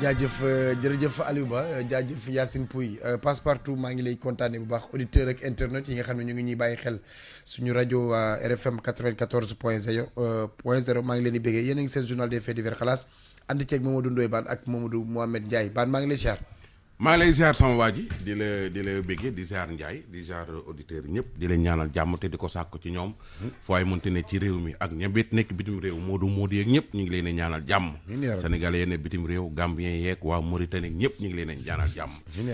jaajëf euh, jërëjëf Aliou Ba euh, jaajëf Yacine Pouy euh, passe partout maa ngi lay kontaane bu baax auditeur ak internet yi nga xam ne ñu ngi ñuy bàyyi xel suñu rajo RFM 94 point 0 point 0 maa ngi leen di béggee yéen a ngi seen journal des faits divers xalaas ànd ceeg Mamadou Ndoye Bane ak Mamadou Mohamed Ndiaye Bane maa ngi lay siyaar maa ngi lay ziar sama waa ji di la di la béggee di ziar Ndiaye di ziar auditeurs yi ñëpp di leen ñaanal jàmm te di ko sàkk ci ñoom hmm. foo ay mënti ne ci réew mi ak ñabet nekk bitim réew Modou Modou yeeg ñëpp ñu ngi leen ñaanal jàmm sénégalais ne bitim réew Gambien yeeg waa Mauritanie ñëpp ñu ngi leen ñaanal jàmm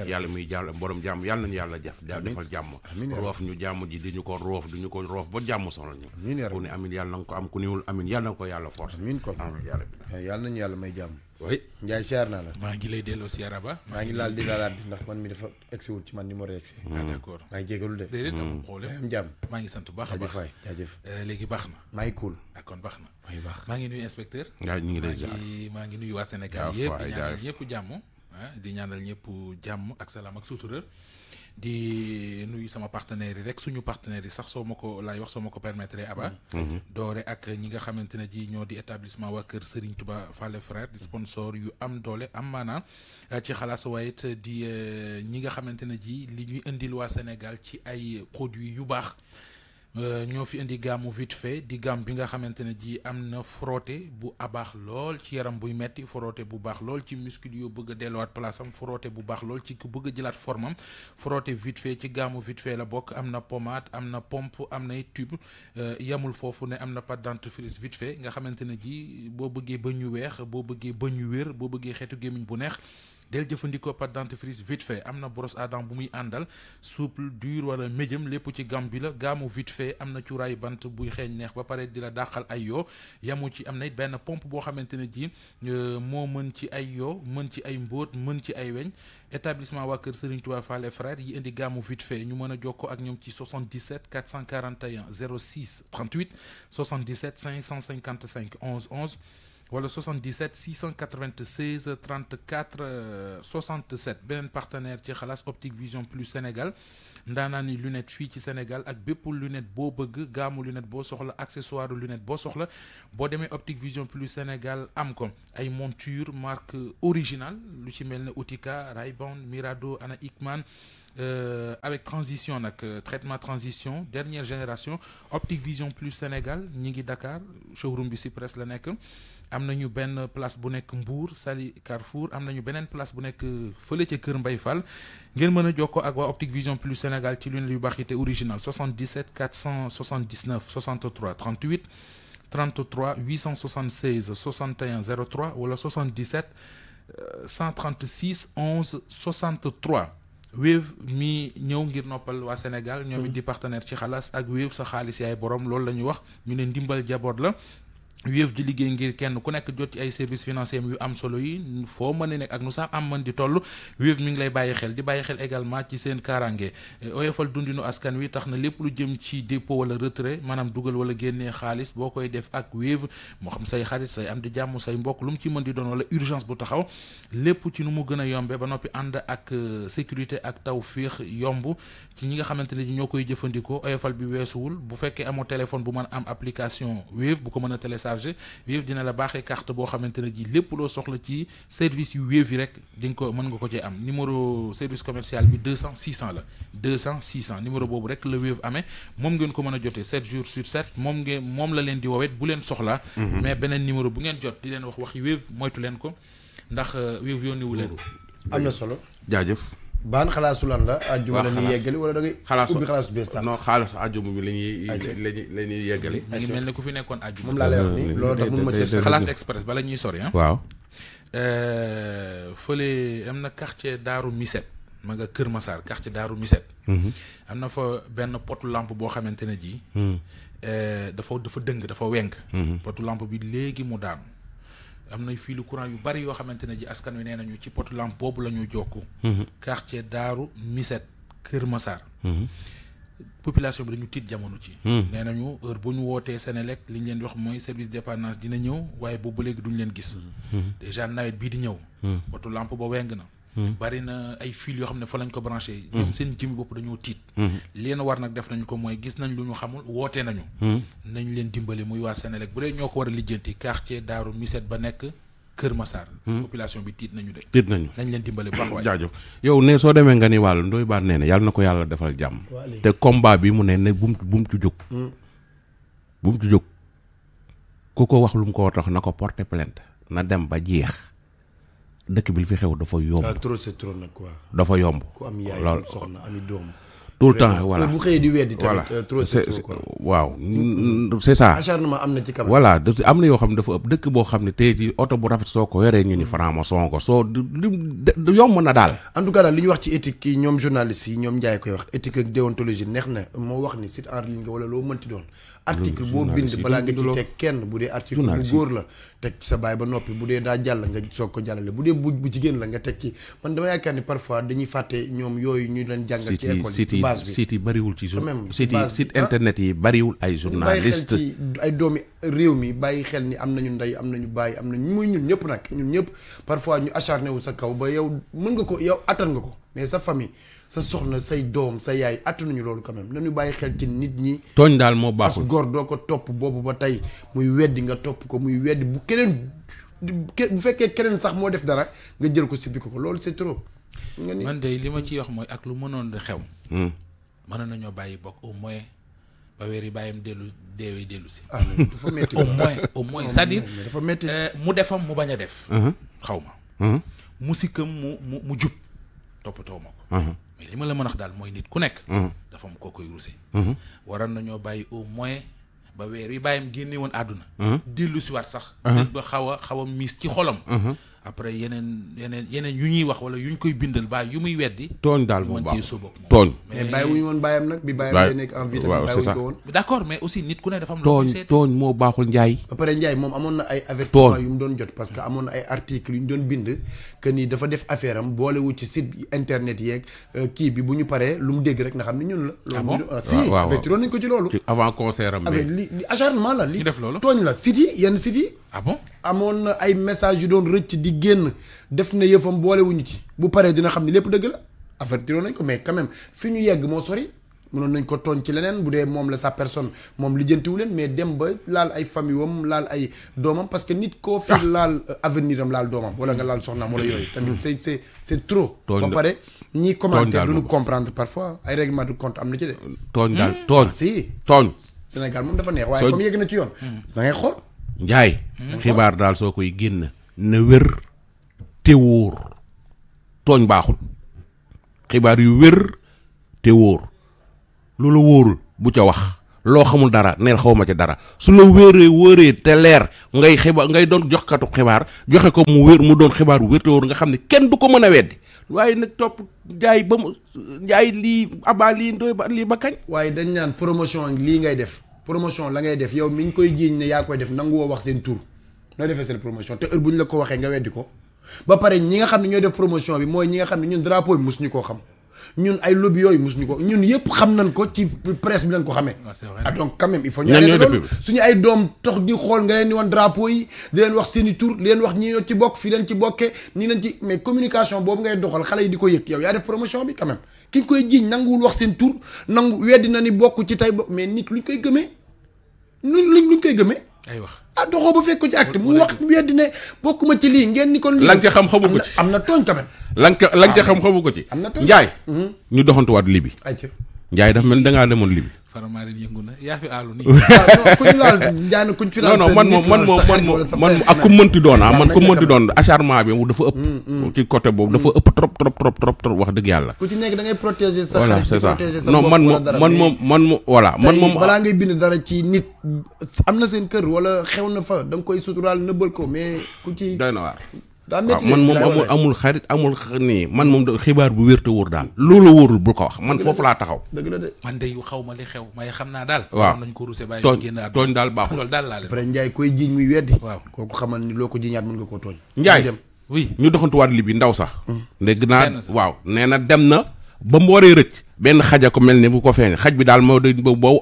yàlla muy jàll borom jàmm yàlla nañu yàlla def defal jàmm roof ñu jàmm ji di ñu ko roof du ñu ko roof ba jàmm soxla ñu ku ne amin yàlla na nga ko am ku niwul amin yàlla ko yàlla force yàlla nañu yàlla may jàmm oui Ndiaye siyaar naa la. maa ngi lay delloo siyaara ba. maa ngi laal di laalaat di ndax man mi dafa egsiwul ci man ni ma egsi. ah maa ngi jégalu de. déedéet amul mm. problème am jàmm. maa ngi sant baax a baax jaajëf jaajëf. Euh, léegi baax na. maa ngi cool. d'accord ah, baax na. maa ngi baax maa ngi nuyu inspecteur. waaw ñu ngi lay jaar maa ngi maa ngi nuyu waa Sénégal yëpp di ñaanal ñëpp jàmm. Ah, di ñaanal ñëpp jàmm ak salaam ak sutura di nuyu sama partenaires yi rek suñu partenaires yi sax soo ma ko laay wax soo ma ko permettre Aba mm-hmm. mm-hmm. doore ak ñi nga xamante ne ji ñoo di établissement waa kër Serigne Touba Fallé Frère di sponsor yu am doole am maanaam euh, ci xalaas waaye it di euh, ñi nga xamante ne ji li ñuy indil waa Sénégal ci ay produits yu baax Euh, ñoo fi indi gaamu vite fait di gaam bi nga xamante ne ji am na frotté bu abaax lool ci yaram buy metti frotté bu baax lool ci muscle yoo bëgg delluwaat place am frotté bu baax lool ci ku bëgg jëlaat forme am frotté vite fait ci gaamu vite fait la bokk am na pommade am na pompe am tube euh, yamul foofu ne am na pâte dentifrice vite fait nga xamante ne ji boo bëggee ba ñu weex boo bëggee ba ñu wér boo bëggee xeetu bu neex del jëfandikoo pâte dentifrice vite fait amna brosse à dents bu muy andal souple dur wala médium lepp ci gam bi la gaamu vite fait amna ci ray bant bu xeeñ neex ba paré dila la dàqal ay yoo yamu ci am ben pompe bo xamante ji euh, mo mën ci ay yoo mën ci ay mbóot mën ci ay weñ établissement wa kër Serigne Touba fallé frère yi indi gaamu vite fait ñu mëna joko ak ñom ci 77 441 06 38 77 555 11 11 voilà, 77 696 34 67 beneen partenaire ci khalas Optique Vision Plus Sénégal ndanani lunettes, lunette filles Sénégal ak lunettes lunette bo lunettes gamu lunette bo soxla accessoire lunette bo soxla bo Optique Vision Plus Sénégal am ko ay monture marque originale lu ci mel Mirado Anna Ickman euh, avec transition avec euh, traitement transition dernière génération optique Vision Plus Sénégal ñi Dakar showroom bi Lenek presse la place Bonek Mbour Sali Carrefour am Benen place Bonek, nekk euh, fële nous Djoko Agwa Optique Vision Plus Sénégal original 77 479 63 38 33 876 61 03 wala 77 136 11 63. Wave mi ñëw ngir noppal waa Sénégal ñoom it mm-hmm. di partenaire ci xalaas ak Wave sa xaalis yaay borom loolu la ñuy wax ñu ne ndimbal jaboot la wéef di liggéey ngir kenn ku nekk jot ci ay services financiers yu am solo yi foo mën a nekk ak nu sax am mën di toll mi ngi xel di bàyyi xel également ci seen eh, oyofal dundinu askan wi tax na lépp lu jëm ci dépôt wala retrait maanaam dugal wala génnee xaalis boo def ak wéef moo xam say xarit say am di jàmm say mbokk lu ci mën di doon wala urgence bu taxaw lépp ci nu mu gën a ba noppi ànd ak euh, sécurité ak taw ci ñi nga xamante ne ñoo koy jëfandikoo oyofal bi bu téléphone bu am application bu ko a téléchargé Wave dina la baaxee carte boo xamante ne ji lépp loo soxla ci service yu Wave yi rek di ko mën nga ko cee am numéro service commercial bi 200 600 la 200 600 numéro boobu rek la Wave amee moom ngeen ko mën a jotee 7 jours sur 7 moom ngeen moom la leen di woowet bu leen soxlaa mhm. mais beneen numéro bu ngeen jot di leen wax waxi Wave moytu leen ko ndax euh, Wave yónniwu leen am na solo jaajëf baan xalaasu la. ajjuma la ñuy yeggali wala da ngay. xalaasu ubbi xalaasu bees taal. non xalaasu ajjuma bi la ñuy. la ñuy yeggali. mu ngi mel ni ku fi nekkoon ajjuma. moom laa lay wax nii loolu tax mun ñuy sori ah. waaw. Euh, fële am na quartier Daaru Miset ma nga Kër Massar quartier Daaru Miset. Mhm. am na fa benn potu làmp boo xamante ne jii mhm. euh, dafa dafa dëng dafa wenk. Mhm. potu lampe bi léegi mu daanu. am na fii lu courant yu bari yoo xamante ne ji askan wi nee nañu ci potu lampe boobu la ñu jokku mhm. quartier Daaru Miset Kër Massar mhm. population bi dañu tiit jamono ci mhm. nee nañu heure bu ñu wootee Senelec li ñu leen di wax mooy service dépendance dina ñëw waaye boobu ba léegi duñu leen gis déjà nawet bii di ñëw potu lampe ba weng na Hmm. bari na ay fil yoo xam ne fa lañ ko branché. Hmm. ñoom seen jëmmi bopp dañoo tiit. Hmm. leen war nag def nañ ko mooy gis nañ lu ñu xamul wootee nañu. nañ leen dimbali muy waa Sénélec bu dee ñoo ko war a lijjanti quartier Daaru Miset ba nekk. Kër Massar. population bi tiit nañu de. tiit nañu nañ leen dimbale bu baax waay jaajëf yow ne soo demee nga ni wàllu ndoy baan nee na yàlla na ko yàlla defal jàmm. te combat bi mu ne ne bu mu bu jóg. bu mu ci ku ko wax lu mu ko na ko porter na dem ba jeex. dëkk bi lu fi xew dafa yomb. Ah, trop c'est trop nag quoi. dafa yomb. ku am yaay soxna ami doom tout le temps voilà bu xëyee di weddi tamit euh, trop waaw mm, mm, mm. c'est ça acharnement am na ci kam voilà am na yoo xam ne dafa ëpp dëkk boo xam ne tey oto bu rafet soo ko yoree ñu ni franc-maçon ko soo yomb na daal en li ñu wax ci éthique yi ñoom journalistes yi ñoom njaay koy wax éthique ak neex na moo wax ni site en nga wala loo mënti doon article boo bind balaa nga ci teg kenn bu dee article bu góor la teg sa baay ba noppi bu dee daa jàll nga soog ko jàllale bu dee bu jigéen la base yi bariwul ci journal sites yi site ah. internet yi bariwul ay journaliste ci ay doomi réew mi bàyyi xel ni am nañu ndey am nañu bàyyi am nañu muy ñun ñëpp nag ñun ñëpp parfois ñu acharné wu sa kaw ba yow mën nga ko yow attan nga ko mais sa famille sa soxna say doom sa yaay attanuñu loolu quand même ñu bàyyi xel ci nit ñi tooñ daal moo baaxul as góor doo ko topp boobu ba tey muy weddi nga topp ko muy weddi bu keneen bu fekkee keneen sax moo def dara nga jël ko sippi ko ko loolu c'est trop man de li ma ciy wax mooy ak lu mënoon di xew. Hmm. mënoon ñoo bàyyi bokk au moins ba weer yi bàyyam dellu deewee dellu si. Ah, dafa métti moins au moins dafa métti euh, mu defam mu bañ a def. Hmm. xaw ma. Hmm. musikam mu mu mu jub toppatoo ma ko. mais li ma la mën ax daal mooy nit ku nekk. dafa am koo koy ruse. waroon ñoo bàyyi au moins. ba weer yi bàyyam génne woon àdduna. dellu si waat sax. nit ba xaw a xaw a miis ci xolam. après yeneen yeneen yeneen yu ñuy wax wala yu ñu koy bindal baay yu muy weddi. tooñ daal bu baax tooñ. mais bàyyi wu ñu woon bàyyam nag bi bàyyam day nekk en vie tamit bàyyi ñu nit ku ne dafa am. loo tooñ tooñ moo baaxul Ndiaye. ba pare Ndiaye moom doon jot parce que amoon na ay articles yu ñu doon bind que ni dafa def affaire am boolewu ci site internet yeeg euh, kii bi bu ñu paree lu mu dégg rek nga xam ne ñun la. Ah loolu ah, ah, si affecté nañ ko ci loolu. avant concert am. avec li acharnement la li def loolu tooñ la site yi yenn site yi ah bon amone ay message yu doon rëcc di guen def na yeufam bolé wuñu ci bu paré dina xamni ni lépp dëgg la avertiroon nañ ko mais quand même fiñu yegg mo sori mënoon nañ ko tooñ ci lenen budé mom la sa personne mom lijjantiwu leen mais dem ba laal ay famille wam laal ay domam parce que nit ko fi ah. laal euh, aveniram am laal doomam wala nga laal mo la yoy tamit hmm. c'est c'est c'est trop ba paré ñiy commenter duñu comprendre parfois ay règlement de compte amna ci dé tooñ dal hmm. tooñ ah, si tooñ Sénégal moom dafa neex waye comme yegg na ci yoon hmm. da ngay xol njaay hmm. xibaar daal soo koy génn na wér te wóor tooñ baaxul xibaar yu wér te wóor loolu wóorul bu ca wax loo xamul dara neel xaw ma ca dara su la wéeree wóoree te leer ngay xibaar ngay doon jox joxkatu xibaar joxe ko mu wér mu doon xibaar wér te wóor nga xam ne kenn du ko mën a weddi waaye nag topp jaay ba mu jaay lii abaa lii ndoy ba lii ba kañ waaye dañ naan promotion lii ngay def promotion la ngay def yow mi ñu koy jiiñ ne yaa koy def nangu woo wax seen tur noo defee seen promotion te heure bu ñu la ko waxee nga weddi ko ba pare ñi nga xam ne ñooy def promotion bi mooy ñi nga xam ne ñun drapeau bi mosuñu koo xam ñun ay lobby yooyu mus ñu ko ñun yëpp xam nañ ko ci presse bi lañ ko xamee. ah, ah donc quand même il faut. ñu arrêté loolu suñu ay doom tox di xool nga leen di wan drapeau leen wax seen i tur leen wax ñi ñoo ci bokk fii leen ci bokkee nii leen ci mais communication boobu ngay doxal xale yi di ko yëg yow yaa def promotion bi quand même ki ñu koy jiiñ nanguwul wax seen tur nangu weddi na ni bokk ci tey mais nit ñu koy gëmee luñ ñu koy gëmee wax a ah, doxoo ba fekk ko ci acte mu wax weddi ne bokkuma ci lii ngeen ni kon. lii la nga xam xamu ko ci am na tooñ quand même. la nga ca xam xamu ko ci. am na tooñ Njaay. Mhm. ñu doxantuwaat lii bi. Ndiaye dafa mel ni da ngaa demoon Libi. Faramaren yëngu na yaa fi àllu nii. waaw ah, man moom man moom man ak ku mënti doon a ah, man ku mënti doon acharnement bi dafa ëpp. Mm, mm. ci côté boobu dafa ëpp trop trop trop trop trop wax dëgg yàlla. ku ci nekk dangay ngay protéger sa xarit sa bopp wala dara man moom man moom voilà man moom. balaa ngay bind dara ci nit am na seen kër wala xew na fa danga koy suturaal nëbbal ko mais ku ci. doy na waar. man moom amul amul xarit amul nii man moom xibaar bu wér te wóor daal loolu wóorul bu ko wax man foofu laa taxaw dëgg la man de xaw ma li xew may xam naa daal waaw nañ ko rusé bàyyi génn at tooñ daal baaxul loolu daal laa leen après Ndiaye koy jiiñ muy weddi waaw kooku xamal ni loo ko jiiñaat mën nga koo tooñ Ndiaye oui ñu doxantuwaat li bi ndaw sax mm. dégg naa waaw nee na dem na ba mu waree rëcc benn xaja ko mel ni bu ko feeñee xaj bi daal moo de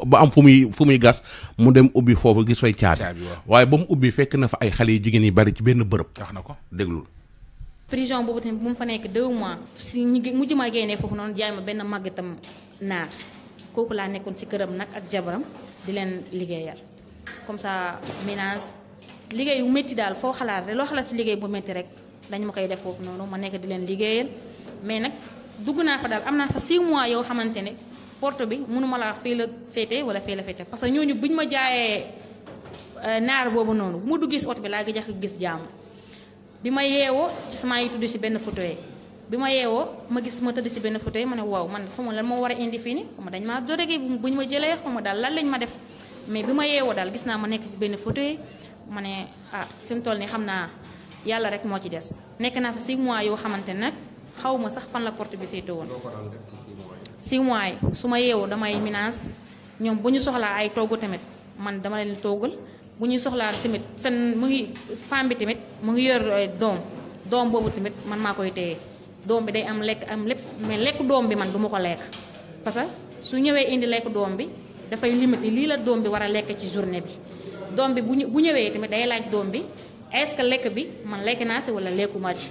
ba am fu muy fu muy gas mu dem ubbi foofu gis fay caabi waaye ba mu ubbi fekk na fa ay xale yu jigéen yi bari ci benn bërëb wax na ko déglul prison boobu tamit bu mu fa nekk deux mois si mu mujj ma génnee foofu noonu jaay benn màggatam naar kooku laa nekkoon si këram nag ak jabaram di leen liggéeyal comme ça ménage liggéey yu daal foo xalaat rek loo xalaat si liggéey bu métti rek dañ ma koy def foofu noonu ma nekk di leen liggéeyal mais nag dugg naa fa daal am naa fa 6 mois yow xamante ne porte bi munuma laa fii la féete wala fii la féete parce que ñooñu buñ ma jaayee euh, naar boobu noonu bu ma duggee si oto bi laa gi jax gis jaamu bi ma yeewoo gis ngi tudd si benn photo yi bi ma yeewoo ma gis ma tëdd si benn photo yi ma ne waaw man xaw ma lan moo war a indi fii nii dañ maa dorege bu ñu ma jëlee xaw ma daal lan lañ ma def mais bi ma yeewoo daal gis naa ma nekk si benn foto yi ma ne ah fi mu toll nii xam naa yàlla rek moo ci des nekk naa fa 6 mois yoo xamante nag. xaw ma sax fan la porte bi féete woon. six mois yi su ma yeewoo damay minance ñoom bu ñu soxlaa ay togg tamit man dama leen toggal bu ñuy soxlaa tamit seen mu ngi femme bi tamit mu ngi yor eh, doom doom boobu tamit man maa koy téye doom bi day am lekk am lépp mais lekk doom bi man du ma ko lekk parce que su ñëwee indi lekk doom bi dafay limité lii la doom bi war a lekk ci journée bi doom bi bu ñëwee tamit day laaj doom bi est-ce que lekk bi man lekk naa si wala lekku ci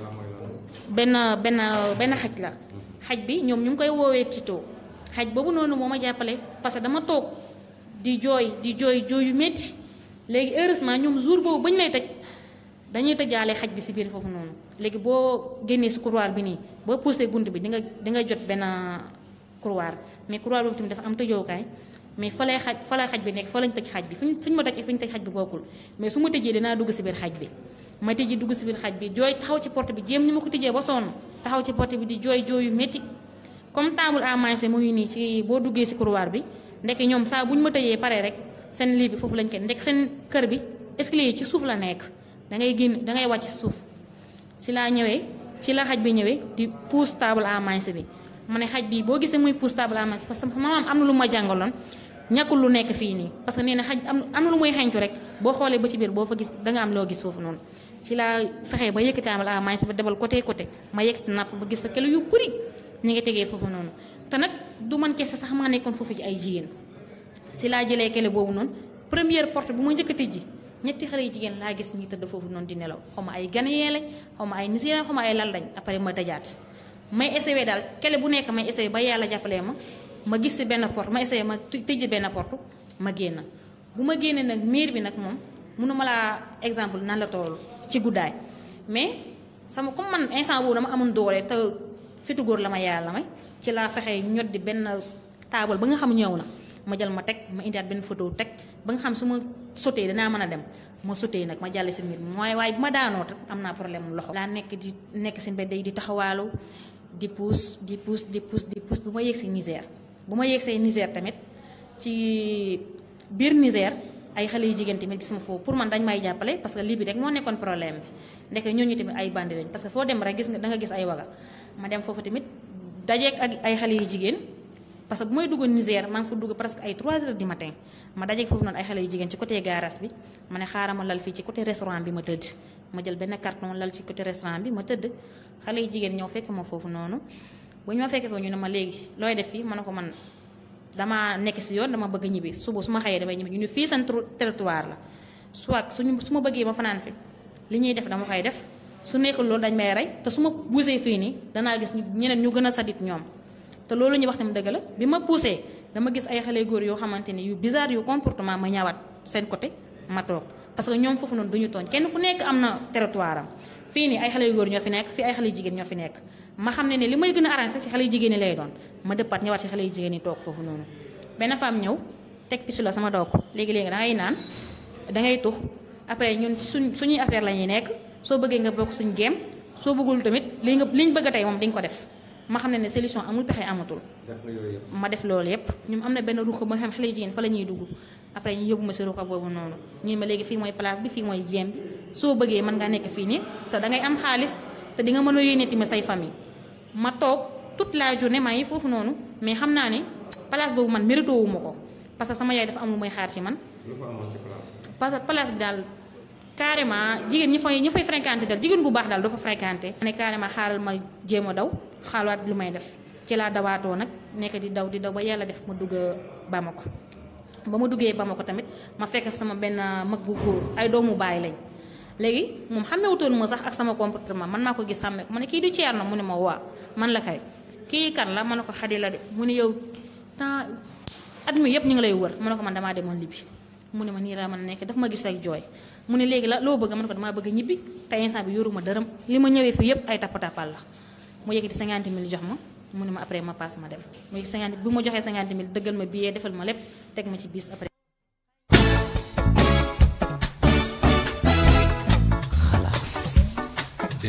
benn benn benn xaj la xaj bi ñoom ñu ngi koy woowee Tito xaj boobu noonu moo ma jàppale parce que dama toog di jooy di jooy jooy yu métti léegi heureusement ñoom jour boobu bañ lay tëj dañuy tëjaale xaj bi si biir foofu noonu léegi boo génnee si couloir bi nii boo poussé bunt bi di nga di nga jot benn couloir mais couloir boobu tamit dafa am tëjookaay mais fa lay xaj fa lay xaj bi nekk fa lañ tëj xaj bi fuñ fuñ ma tëj fu ñu tëj xaj bi bokkul mais su ma tëjee dinaa dugg si biir xaj bi. ma tijji dugg si biir xaj bi jooy taxaw ci porte bi jéem ni ma ko tijjee ba sonn taxaw ci porte bi di jooy jooy yu métti comme table à manger mu ngi nii ci boo duggee si couloir bi ndekki ñoom saa bu ñu ma tëjee pare rek seen lii bi foofu lañ kenn ndekki seen kër bi escalier ci suuf la nekk da ngay génn da ngay wàcc si suuf si laa ñëwee ci la xaj bi ñëwee di pousse table à manger bi ma ne xaj bi boo gisee muy pousse table à manger parce que maam am na lu ma jàngaloon ñàkkul lu nekk fii nii parce que nee na xaj am lu muy xencu rek boo xoolee ba ci biir boo fa gis da nga am loo gis foofu noonu ci laa fexe ba yëkkati amal ah maa ngi ba debal côté côté ma yëkkati napp ba gis fa kilo yu bëri ñu ngi tegee foofu noonu te nag du man kese sax maa nekkoon foofu ci ay jigéen si laa jëlee kele boobu noonu première porte bu ma njëkkati ji ñetti xale yu jigéen laa gis ñuy tëdd foofu noonu di nelaw xaw ma ay yee lañ xaw ma ay Nigérian xaw ay lan lañ après ma dajaat may essayé daal kele bu nekk may essayé ba yàlla jàppalee ma ma gis si benn porte ma essayé ma tëjji benn porte ma génn bu ma génnee nag miir bi nag moom mënuma laa exemple nan la toll. ci guddaay mais sama comme man instant boobu dama amoon doole te fitu góor la ma yàlla may ci laa fexe ñot di benn taabal ba nga xam ñëw na ma jël ma teg ma indiwaat benn photo teg ba nga xam su ma sotee danaa mën a dem ma sotee nag ma jàll si mbir mooy waaye bu ma daanoo te am naa problème mu loxo. laa nekk di nekk si mbedd yi di taxawaalu di puus di puus di puus di puus bu ma yeg si Niger bu ma yegg see Niger tamit ci biir Niger. ay xale yu jigéen tamit gis ma foofu pour man dañ may jàppale parce que lii bi rek moo nekkoon problème bi ndeke ñooñu tamit ay bandi lañ parce foo dem rek gis gis ay waga ma dem foofu tamit dajeek ak ay xale yu jigéen parce que bu may dugg Niger maa ngi fa dugg presque ay 3 heures du matin ma dajeek foofu noonu ay xale yu jigéen ci côté garas bi ma ne xaaral ma lal fii ci côté restaurant bi ma tëdd ma jël benn carton lal ci côté restaurant bi ma tëdd xale yu jigéen ñëw fekk ma foofu noonu bu ñu ma fekkee ma léegi looy def fii ma ne ko man dama nekk si yoon dama bëgg ñibbi suba su ma xayee damay ñibbi ñu ne fii seen territoire la soit suñu su ma bëggee ma fanaan fi li ñuy def dama koy def su nekkul loolu dañ may rey te su ma poussé fii nii danaa gis ñeneen ñu gën a sadit ñoom te loolu ñuy wax tamit dëgg la bi ma poussé dama gis ay xale góor yoo xamante ni yu bizarre yu comportement ma ñawaat seen côté ma toog parce que ñoom foofu noonu duñu tooñ kenn ku nekk am na territoire am fii ni ay xale yu góor ñoo fi nekk fii ay xale yu jigéen ñoo fi nekk ma xam ne ne li may gën a arrangé ci xale yu jigéen ñi lay doon ma dëppaat ñëwaat ci xale yu jigéen ñi toog foofu noonu benn la sama doog léegi-léegi da ngay naan da ngay tux après ñun suñ suñuy affaire la ñuy nekk soo bëggee nga bokk suñu géem soo bëggul tamit li nga liñ bëgg a tey moom dañ ko def ma xam ne ne solution amul pexe amatul ma def loolu yépp ñun am na benn ruq ba xam xale yu jigéen fa la ñuy dugg après ñu yóbbu ma si ruq boobu noonu ñii ma léegi fi mooy place bi fii mooy géem bi so bëggee man nga nek fi ni té da ngay am halis té di nga mëno a ma say fami ma tok toute la journée ma ngi foofu noonu mais xamna naa place bobu man mérito wu mako parce que sama yaay dafa am lu muy xaar ci man. parce que place bi dal carrément jigen ñi fay ñi fay fréquenter dal jigen bu baax dal dafa fréquenter ma carrément xaaral ma jéma daw xaalaat lu may def ci la dawaatoo nak nek di daw di daw ba yalla def ma dugg Bamako ba duggé duggee Bamako tamit ma fekk sama ben mag bu góor ay doomu baye lañ mom xamé wutone ma sax ak sama comportement man mako gi samé ko du ceerno mu ne ma waa man la kay ki kan la ma ne ko xadi de mune yow ta admi yep yëpp ñu lay wër ma ko man dama demone libi mune ne ma nii laa mën a daf ma gis rek joy mune ne la lo bëgg ma ko bëgg ñibi tay instant bi yoruma dërëm lima ñëwé fi yep ay tapatapal la mu yëkëti 50000 jox ma mune ma après ma passe ma dem mu yëkkati 50 bu mu joxé 50000 mille ma billet defal ma lepp tek ma ci bis après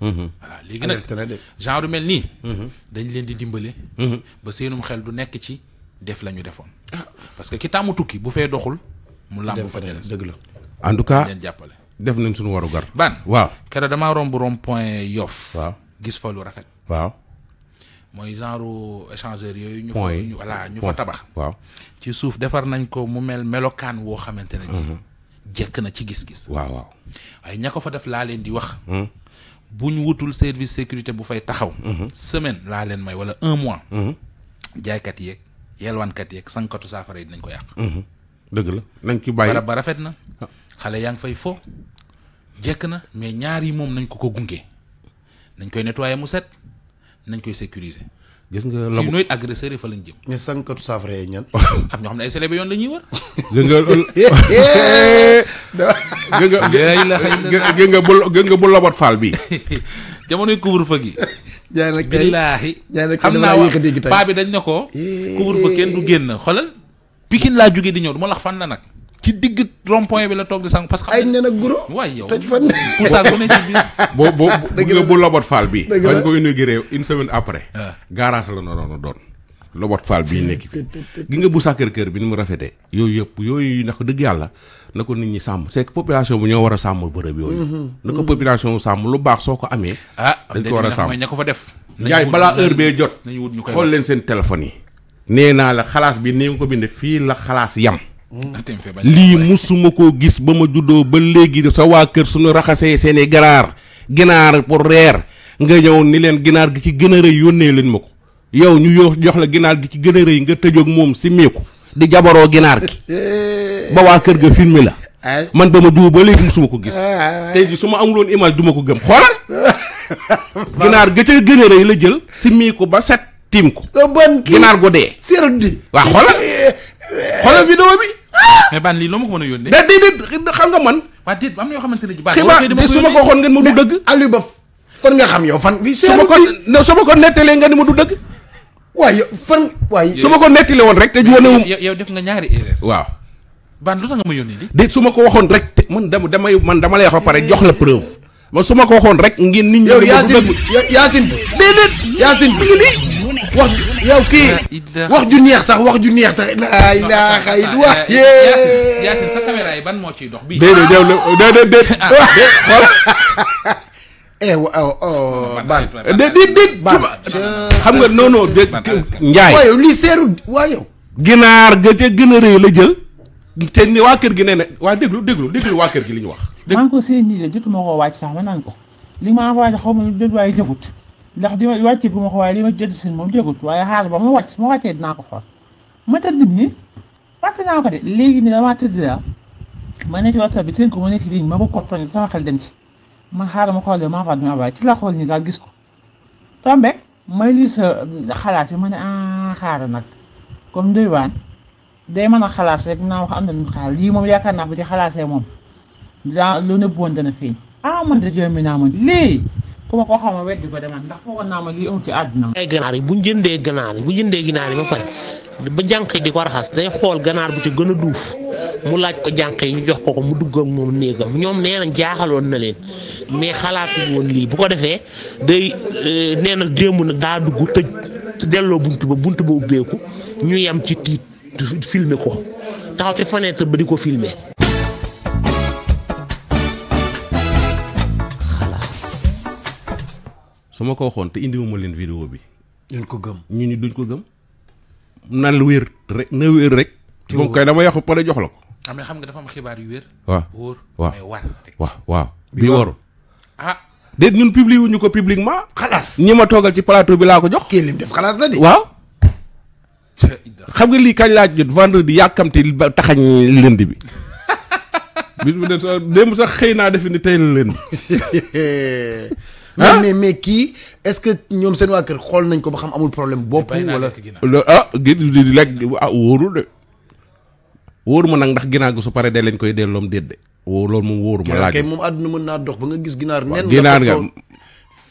Mhm. voilà léegi nag genre mel nii. Mhm. dañ leen di dimbale. Mhm. ba seenum xel du nekk ci def la ñu defoon. Ah. parce que ki tàmmu tukki bu fee doxul. mu làmb fa des dëgg en tout cas jàppale. def nañ suñu waru gar ban waaw keroog damaa romb rond point gis fa lu rafet. waaw. mooy genre échangeur yooyu. ñu fa ñu voilà tabax. waaw ci suuf defar nañ ko mu mel melokaan woo xamante ne. jekk na ci gis-gis. waaw fa def laa leen di wax. bu ñu wutul service sécurité bu fay taxaw. Mhm. semaine laa leen may wala un mois. Mhm. jaaykat yeeg yelwaankat yeeg sankatu saafara yi dinañ ko yàq. Mhm. dëgg la nañ ci bàyyi. barab ba rafet na ah. xale yaa ngi fay fo. jekk na mais ñaar yi moom nañ ko ko gunge nañ koy nettoyer mu set nañ koy sécuriser. gis nga lobu si nooy agresseur fa lañ jëm. ñu sankatu saafara ñan. am ñoo xam ay célébé yoon la wër. gën nga. nga nga bu gën nga bu lobat faal bi. jamonoy couvre feu gi. jaay nag kay billaahi. jaay nag kay damaa yéex a bi dañ ne couvre feu kenn du xolal. di du ma fan la ci digg rond point bi la toog di sang parce que. ay nen ak guro. waay yow boo boo bu bu Lobot Fall bi bañ ko inauguré une semaine après. Ah. garage la noonu doon. Lobot Fall bii nekk fi gi nga bu sa kër kër bi nu mu rafetee. yooyu yëpp yooyu ndax dëgg yàlla. na ko nit ñi sàmm c'est que population bi ñoo war a sàmm bërëb yooyu. Mm-hmm. na ko mm-hmm. bu sàmm lu baax soo ko amee. ah dañ ko war a sàmm ña ko fa def. yaay balaa heure bee jot. nañu wut ñu koy xool leen seen téléphone yi. nee naa la xalaas bi ni nga ko bindee fii la xalaas yam. Hmm. lii musuma koo gis ba ma juddoo ba léegi sa waa kër suñu raxasee seeni ganaar ganaar pour reer nga ñëw ni leen ginaar gi ci gën a rëy yónnee leen ma ko yow ñu yoo jox la ginaar gi ci gën a rëy nga tëjoog moom si meeku di jabaroo ginaar waa kër ga filmé la man ba ma jubu ba léegi ko gis ma amuloon image duma ko gëm xoolal ginaar ga ca gën la jël si ba set tiim ko ginaar go dee seeru di waa xoolal xoolal vidéo bi mais ban lii loo a yónnee. mais déedéet xam nga man. waa na yoo xamante ne ji. xibaar de su ma ko waxoon ngeen ma du dëgg. Aliou Ba nga ma ko ne su nga ni ma du dëgg. waaye fan. waaye su ma ko nettalee woon rek. te ju woon yow def nga ñaari erreur. waaw. ban lu tax nga ma yónnee lii. déet su ma ko waxoon rek te man dama damay man dama lay wax ba pare jox la preuve. man su ma ko waxoon rek. ngeen nit ñi yow Yacine yow Yacine. déedéet Yacine mi ngi wax yow kii wax ju neex sax wax ju neex sax laa ilaaha illallah yaasin yaasin sa caméra yi ban moo ciy dox bii déedéet ah. yow la déedéet déet xool xam nga non non dé njaay waaw yow lii seeru ginaar ga ca gën a rëy la jël te ni waa kër gi nee na waa déglu déglu déglu waa kër gi li ñu wax maa ngi ko seen nii de jotuma koo wàcc sax ma naan ko li ma envoyé xaw ma déet waaye jëfut ndax di ma ko waaye li ma jot si moom jégut waaye xaar ba ma wàcc su ma wàccee dinaa ko xool ma tëdd nii fàtte naa ko de léegi nii damaa tëdd daal ma ne ci whatsapp bi seen ko ma ne ci ligne ma ko koptoon sama xel dem ci ma xaar ma xool ma fàttali ma bàyyi ci la xool nii daal gis ko tombeek may lii sa mm, xalaat yi ma ne ah xaar nag comme Ndoye Bane day mën a xalaat rek naa wax am na lu lii moom yaakaar naa bu ci xalaatee moom daa lu nëbboon dana feeñ ah man de mi naa man lii ku ko xam a weddi ko demal ndax foogoon naa ma lii amul ci àdduna ay ganaar yi bu jëndee ganaar yi bu jëndee ganaar yi ba pare ba jànq yi di ko raxas day xool ganaar bu ci gën a duuf mu laaj ko jànq yi ñu jox ko ko mu dugg ak moom néegam ñoom nee nañ jaaxaloon na leen mais xalaatu woon lii bu ko defee day euh, nee na démb nag daa dugg tëj delloo bunt ba bunt ba ubbeeku ñu yem ci tiit filmer ko taxaw ci fenêtre ba di ko filme su ma ko waxoon te indiwuma leen vidéo bi. duñ ko gëm ñu ni duñ ko gëm. nan la wér rek na wér rek. ci moom kay dama yàqu pare jox la ko. am xam nga dafa am xibaar yu wér. waaw wóor mais war. waaw waaw bi waru ah. ñun publié wuñu ko publiquement. xalaas ñi ma toogal ci palaato bi laa ko jox. kii lim def xalaas la de. waaw. xam nga lii kañ laa jot vendredi yàkkamti ba taxañ lënd bi. bis bu dee sax xëy naa defi ni tey la lënd. mais mais mais kii est-ce que ñoom seen waa kër xool nañ ko ba xam amul problème bopp wala ah gi di lekk ah wóorul de wóoru ma nag ndax ginaar gi su paree dee lañ koy delloom déet de wóor loolu moom moom àdduna mën naa dox ba nga gis ginaar nen ginaar nga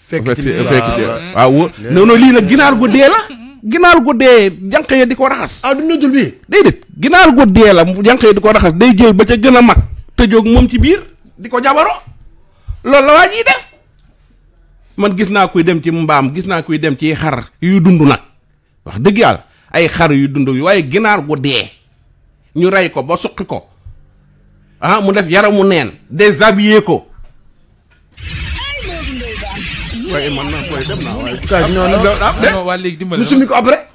fekk waaw mm. ah, wóor non lii nag ginaar gu dee la ginaar gu dee jànq ya di ko raxas ah duna jul bi déedéet ginaar gu dee la jànq ya di ko raxas day jël ba ca gën a mag te jóg moom ci biir di ko jabaro def man gis naa kuy dem ci mbaam gis naa kuy dem ci xar yu dund nag wax dëgg yàlla ay xar yu dund yu waaye ginaar gu dee ñu rey ko ba suqi ko ah mu def yaramu neen déshabillé ko. waaye man na koy dem naa waaye. kaay ñoo na mu summi ko après.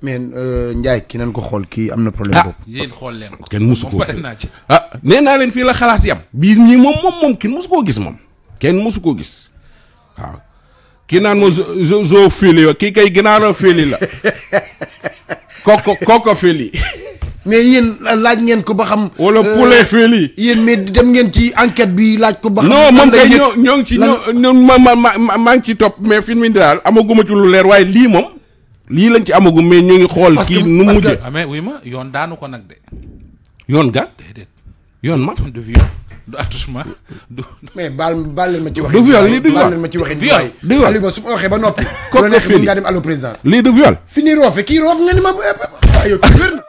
mais euh, njaay ki nañ ko xool kii am na problème ah. boobu. yéen xool leen ko kenn mosu koo ci. Ah, nee naa leen fii la xalaas yam bii ñii moom moom moom kenn mosu koo gis moom kenn mosu koo gis waaw kii naan moo zo zo fili la kii kay ginaara fili la koko koko fili. mais yéen laaj ngeen ko ba xam. wala euh, poulet fili. yéen mais dem ngeen ci enquête bi laaj ko. ba xam non moom kay ñoo ci ñoo ma ma ma maa ngi ci topp mais fi mu daal amaguma ci lu leer waaye lii moom. lii lañ ci amagum mais ñu ngi xool. kii nu mu mujjee ah, mais wuy ma yoon daanu ko nag de. yoon ga déedéet yoon ma du viol du attouchement du. mais baal baal leen ma ci waxee. du viol lii du viol baal leen ma ci waxee. viol du viol Aliou ma su ma waxee ba noppi. kooku ko fii lu neex nga dem allo présidence. lii du viol. fi nii roofe kii roof nga ni ma. waaw yow ci wér na.